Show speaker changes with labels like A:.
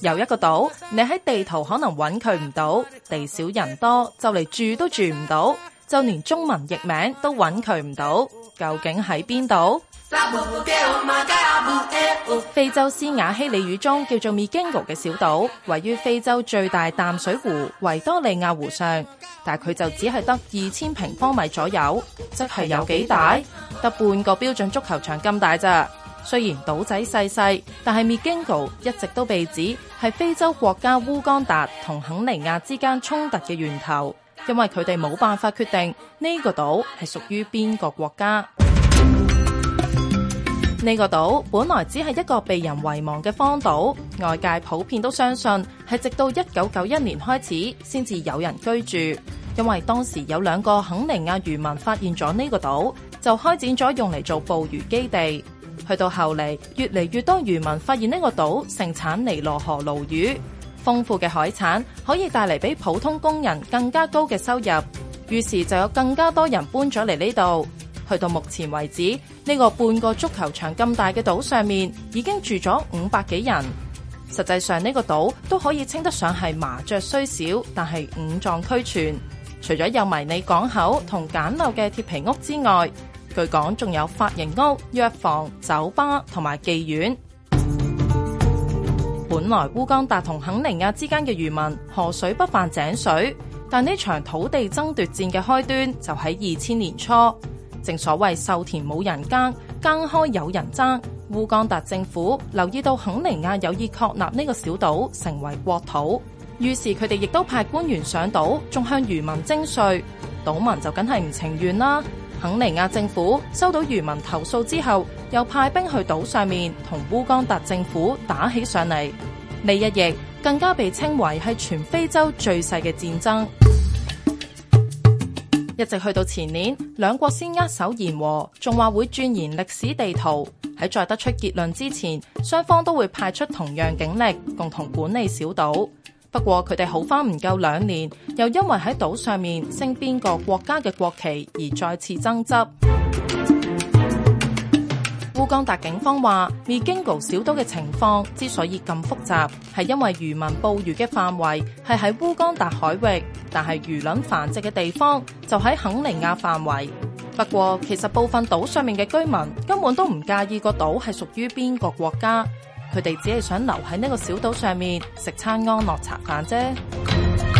A: 有一個島，你喺地圖可能揾佢唔到，地少人多，就嚟住都住唔到，就連中文譯名都揾佢唔到，究竟喺邊度？非洲斯瓦希里語中叫做 Migingo 嘅小島，位於非洲最大淡水湖維多利亞湖上，但佢就只係得二千平方米左右，即係有幾大？得半個標準足球場咁大咋。雖然島仔細細，但係 Migingo 一直都被指係非洲國家烏干達同肯尼亞之間衝突嘅源頭，因為佢哋冇辦法決定呢個島係屬於邊個國家。呢 個島本來只係一個被人遺忘嘅荒島，外界普遍都相信係直到一九九一年開始先至有人居住，因為當時有兩個肯尼亞漁民發現咗呢個島，就開展咗用嚟做捕魚基地。去到後嚟，越嚟越多漁民發現呢個島盛產尼羅河鱸魚，豐富嘅海產可以帶嚟比普通工人更加高嘅收入，於是就有更加多人搬咗嚟呢度。去到目前為止，呢個半個足球場咁大嘅島上面已經住咗五百幾人。實際上呢個島都可以稱得上係麻雀雖小，但係五臟俱全。除咗有迷你港口同簡陋嘅鐵皮屋之外，據講，仲有髮型屋、藥房、酒吧同埋妓院。本來烏干達同肯尼亞之間嘅漁民河水不犯井水，但呢場土地爭奪戰嘅開端就喺二千年初。正所謂瘦田冇人耕，耕開有人爭。烏干達政府留意到肯尼亞有意確立呢個小島成為國土，於是佢哋亦都派官員上島，仲向漁民徵稅，島民就梗係唔情願啦。肯尼亞政府收到漁民投訴之後，又派兵去島上面同烏干達政府打起上嚟。呢一役更加被稱為係全非洲最細嘅戰爭。 一直去到前年，兩國先握手言和，仲話會鑽研歷史地圖。喺再得出結論之前，雙方都會派出同樣警力，共同管理小島。不過佢哋好返唔夠兩年，又因為喺島上面升邊個國家嘅國旗而再次爭執。烏干達警方話，米京哥小島嘅情況之所以咁複雜，係因為漁民捕魚嘅範圍係喺烏干達海域，但係魚卵繁殖嘅地方就喺肯尼亞範圍。不過，其實部分島上面嘅居民根本都唔介意個島係屬於邊個國家。佢哋只係想留喺呢個小島上面食餐安樂茶飯啫。